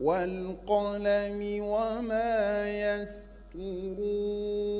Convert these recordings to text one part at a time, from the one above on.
والقلم وما يسطرون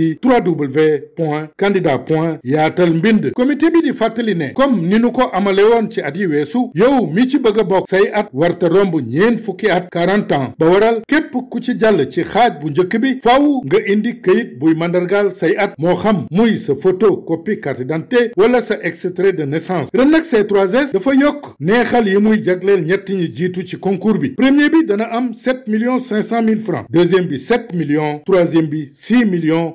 di 3w point candidat point yaatal mbind comité bi di fàttali ne comme ni nu ko amale woon ci at yi weesu yow mi ci bëgg a bokk say at warta romb ñeen fukki at 40 ans ba waral képp ku ci jàll ci xaaj bu njëkk bi faaw nga indi këyit buy mandargaal say at moo xam muy sa photo copie carte d'identité wala sa extrait de naissance ren nag c 3 dafa yokk neexal yi muy jagleel ñett ñi jiitu ci concours bi premier bi dana am 7 millions 500 mille francs deuxième bi 7 millions troisième bi 6 millions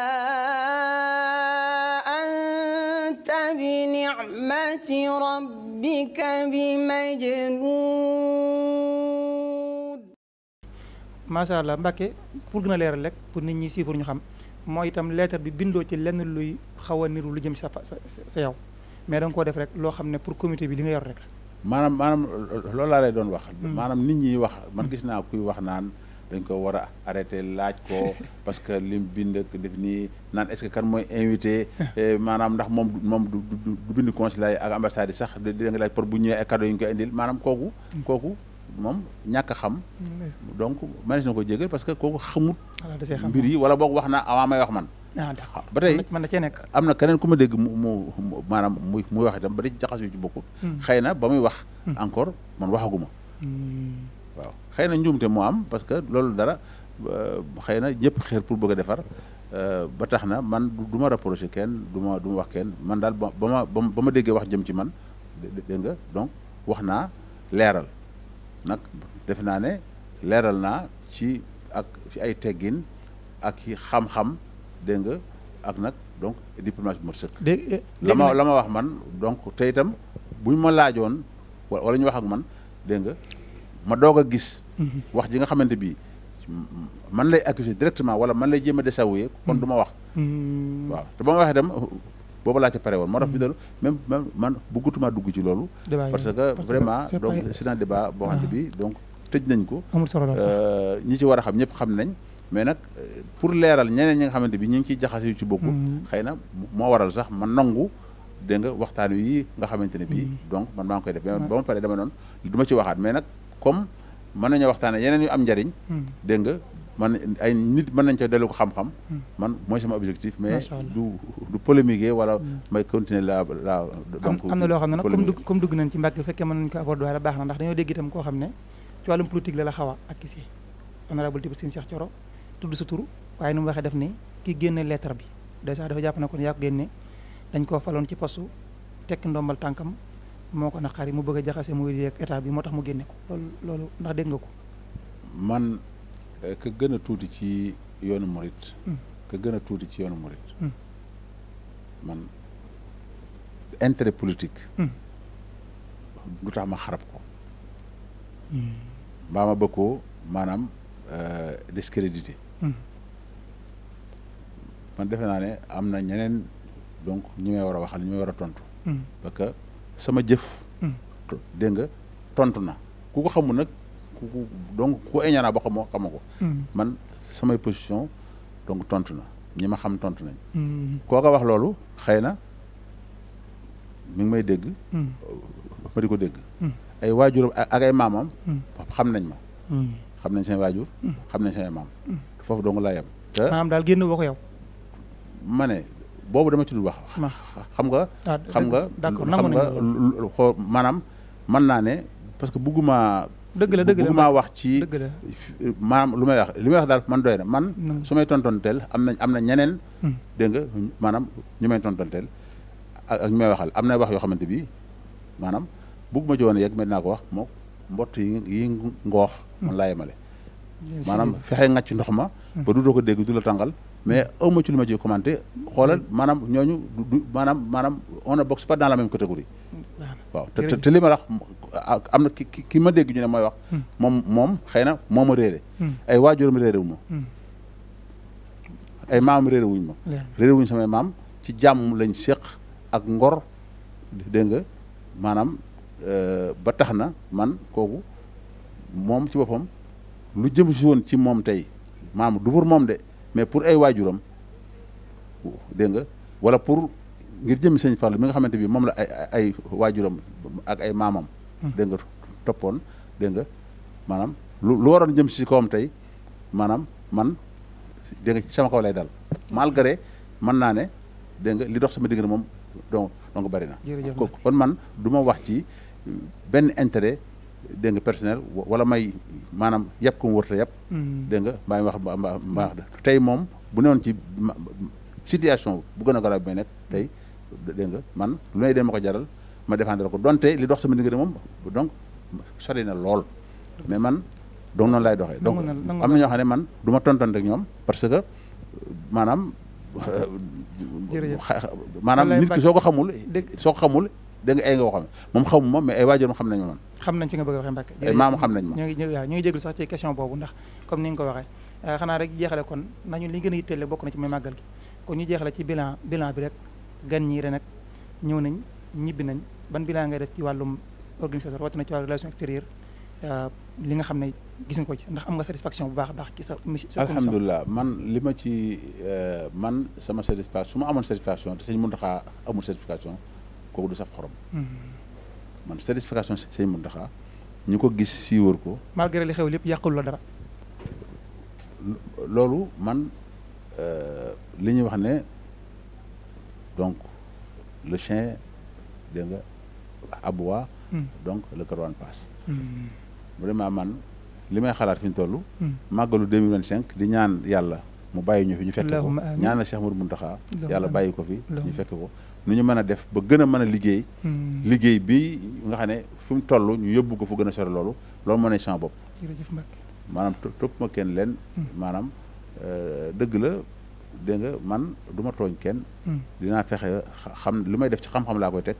بنعمة ربك بمجنون ما شاء الله Mbàkke pour gën a leeral rek pour nit ñi siifur ñu xam mooy itam leetar bi bindoo ci lenn luy xaw a niru lu jëm sa sa yow mais da koo def rek loo xam ne pour comité bi li nga yor rek la maanaam maanaam loolu laa lay doon wax hmm. maanaam nit ñi wax man gis naa kuy wax naan dañ ko war a arrêté laaj ko parce que lim bind def nii naan est kan mooy invité eh, maanaam ndax moom moom du bind consulat yi ak ambassade yi sax di nga laaj pour bu ñëwee ay cadeau yi ñu koy indil maanaam kooku mm. moom ñàkk a xam mm. donc mënees na ko jégal parce que kooku xamut mbir yi wala boog wax na avant may wax man ah tey na nekk am na keneen ku ma dégg mu mu maanaam muy muy wax itam ba di jaxas yu ci bokkut mm. xëy na ba muy wax encore man waxaguma waaw xëy na njuumte moo am parce que loolu dara euh, xëy na ñëpp xeer pour bëgg a defar euh, ba tax na man du ma rapproché kenn du ma wax kenn man daal ba ma ba ma déggee wax jëm ci man dégg nga donc wax naa leeral nag def naa ne leeral naa ci ak ci ay teggin ak i xam-xam dégg nga ak nag donc diplomatie bu mat sëkk la ma wax man donc te itam buñ ma laajoon wala ñu wax ak man dégg nga ma doog a gis. Mm-hmm. wax ji nga xamante bi man lay accuser directement wala man lay jéem a desawuye kon du ma wax. Mm-hmm. waaw te ba ma waxee dem booba laa ca pare woon moo tax. vidéo même même man bëggatuma dugg ci loolu. parce que vraiment donc c'est un débat boo xamante bi ah. donc tëj nañ ko. amul solo euh, ñi ci war a xam ñëpp xam nañ. mais nag euh, pour leeral ñeneen ñi nga xamante bi ñu ngi ciy jaxase yu ci bokkul. Mm-hmm. xëy na moo waral sax ma nangu. dégg nga waxtaan wi nga xamante ne bii. donc man maa ngi koy def ba ma paree dama noonu du ci waxaat mais nag. comme mën a waxtaan yeneen yu am njariñ hmm. dégg nga man ay nit mën nañ ca dellu ko xam-xam hmm. man mooy sama objectif mais du du polémiquer wala hmm. may continuer la la donc am na loo xam ne nag comme dugg comme dugg nañ ci mbàkk fekkee mën nañ ko accordé waaye baax na ndax dañoo dégg itam koo xam ne ci wàllum politique la la xaw a ak kisi honorable député Serigne Cheikh Thioro tudd sa tur waaye ni mu waxee def ne ki génne lettre bi day sax dafa jàpp na kon yaa ko génne dañ koo faloon ci postu tekki ndombal tànkam moo ko naqari mu bëgg a jaxase muy yeeg état bi moo tax mu génne ko loolu loolu ndax dégg nga ko. man euh, ka gën a tuuti ci yoonu murit. Hmm. gën a tuuti ci yoonu murit. Hmm. man intérêt politique. Hmm. du tax ma xarab ko. mbaa ma bëgg koo maanaam euh, discrédité. man defe naa ne am na ñeneen donc ñi may war a waxal ñi may war a tontu. sama jëf hmm. dégg nga tontu na ku ko xamul nag ku donc ku eñaanaa ba xamoo xama ko hmm. man samay position donc tontu na ñi ma xam tontu nañ hmm. koo ko wax loolu xëy na mi ngi may dégg ma di ko dégg ay waajuram ak ay maamam xam nañ ma xam nañ seen waajur xam nañ seen maam foofu dong laa yem te maam daal génn boo ko yow ma boobu dama ci dul wax. xam nga. Ah, xam nga xam nga xoo maanaam mën naa ne parce que bugguma. dëgg dëgg la wax ci. maam lu may wax li may wax daal man doy na man. su may tontonteel am na am na ñeneen. Hmm. dégg nga maanaam ñu may tontonteel ak ñu may waxal am na wax yoo xamante bi maanaam bugguma ci woon yegg mais dinaa ko wax moo mbott yi yi ngoox. Hmm. man laa yemale. maanaam fexe ngàcc ndox ma. Hmm. ba du doog ko dégg du la tàngal. mais awma ci lu ma ciy commenté xoolal maanaam ñooñu du maanaam maanaam on ne boxe pas dans te te li am na ki ma dégg ñu ne mooy wax hmm. moom moom xëy na moo ma réere hmm. ay waajuram réere wu ma hmm. ay maam réere wuñ ma réere wuñ samay maam ci jàmm lañ séq ak ngor dégg nga euh, ba tax na man kooku moom ci boppam lu jëm si woon ci moom tey maanaam du pour moom de mais pour ay waajuram dégg nga wala pour ngir jëm sëñ Fallu mi nga xamante bi moom la ay ay waajuram ak ay maamam hmm. dégg nga toppoon dégg nga maanaam lu lu waroon jëm si kawam tey maanaam man dégg nga sama kaw lay dal malgré mën naa ne dégg li dox sama diggante moom donc donc bari na kon man du ma wax ci benn intérêt dégg nga personnel wala may maanaam yëpp ku mu wërta yëpp mm. dégg nga maa ngi wax maa wax tey moom bu newoon ci situation bu na a garaaw bi may nekk tey dégg nga man lu ne dee ma jaral ma défendre ko donte li dox sama diggante moom donc sori na lool mais man donc noonu laay doxee donc am na ñoo xam ne man du ma tonton rek ñoom parce que maanaam maanaam nit ki soo ko xamul soo ko xamul dégg nga ay nga waxoon moom xamuma mais ay waajuram xam nañu man xam nañ fi nga bëgg a waxee Mbacke ay maam xam nañ ma ñu ngi waaw ñu ngi jéglu sax ci question boobu ndax comme ni euh, kon a yitteel bokk na ci muy màggal gi kon ñu jeexale ci bi rek gan ñi ren nag ñëw nañ ñibbi nañ ban bilan ngay def ci wàllum organisation rawatina ci wàllu relation euh, li nga xam ne gis nga ko ci ndax am nga satisfaction bu baax a baax ci sa mission. alhamdulilah man li ma ci euh, man sama satisfaction su ma amoon satisfaction te sëñ Mountakha amul satisfaction kooku du saf xorom. Mm-hmm. man satisfaction sëñ ñu ko gis si ko. malgré li xew lépp yàqul la dara. loolu man euh, li ñuy wax ne donc le chien dégg nga mm. donc le caravane passe. Mm-hmm. vraiment man li may xalaat fi ñu toll. Mm. màggalu deux di ñaan yàlla. mu bàyyi ñu fi ñu fekke ko ñaanal Cheikh Mouhamadou Mountakha yàlla bàyyi ko fi ñu fekk ko nu ñu mën a def ba gën a mën a liggéey hmm. liggéey bi nga xam ne fu mu toll ñu yóbbu ko fu gën a sore loolu loolu moo ne sama bopp maanaam topp ma kenn leen hmm. maanaam euh, dëgg la dégg nga man du ma tooñ kenn hmm. dinaa fexe xam lu may def ci xam-xam laa koy teg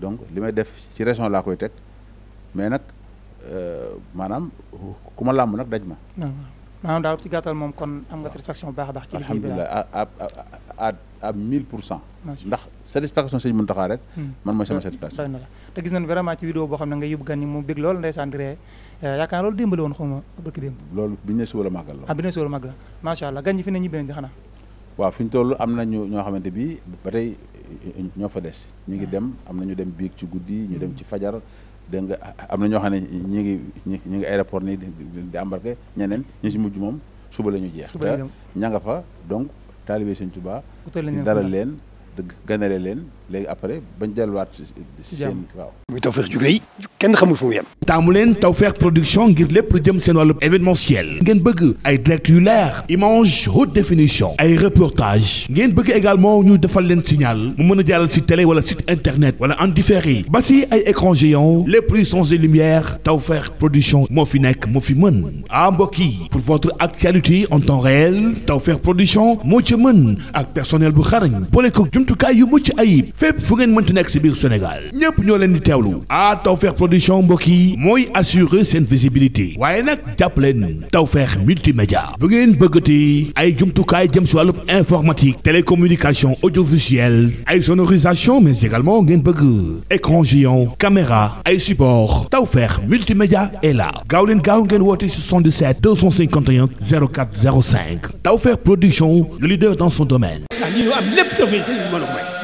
donc li may def ci raison laa koy teg mais nag euh, maanaam ku ma làmb nag daj ma ah, maanaam daal ci gàttal moom kon am nga satisfaction baax a baax. ci liggéey bi alhamdulilah à à mille pour cent. ndax satisfaction sëñ Muntaxa rek. Hmm. man mooy sama satisfaction. te gis nañ vraiment ci vidéo boo xam ne nga yóbbu gan ñi mu bég lool ndeysaan di ree eh, yaakaar loolu démbale woon xaw la màggal la. ah allah gan ñi fi ne ñibbi nañ xanaa. waaw fi ñu toll am na ñu ñoo xamante bi ba tey ñoo fa des. ñu ngi ah. dem am na ñu dem biig ci guddi ñu dem hmm. ci fajar dégg nga am na ñoo xam ne ñi ngi ñi ngi aéroport nii di embarqué ñeneen ñi si mujj moom suba la ñu jeex te ña nga fa donc taalibe Sëñ Tuubaa dara leen gënale leen léegi après bañ delluwaat si seen waaw. muy Tawfekh ju rëy kenn xamul fu mu yem. taamu leen Tawfekh production ngir lépp lu jëm seen wàllu événementiel. ngeen bëgg ay direct yu leer. image haute définition. ay reportage ngeen bëgg également ñu defal leen signal. mu mën a jàll si télé wala site internet. wala en différé. ba si ay écran géant. lépp luy changé lumière. Tawfekh production moo fi nekk moo fi mën. ah mbokk yi. pour votre actualité en temps réel. Tawfekh production moo ci mën. ak personnel bu xarañ. boole ko jumtukaay yu mucc ayib. fépp fu ngeen mënti nekk si biir Sénégal ñépp ñoo leen di teewlu ah Tawfekh production mbokk yi mooy assurer seen visibilité waaye nag jàppaleen Tawfekh multimédia bu ngeen bëggati ay jumtukaay jëm si wàllu informatique télécommunication audiovisuelle ay sonorisation mais également ngeen bëgg écran géant caméra ay support Tawfekh multimédia est là gaaw leen gaaw ngeen woote 77 251 04 05 Tawfekh production le leader dans son domaine. Ah, am lépp Tawfekh sëriñ bi mën a may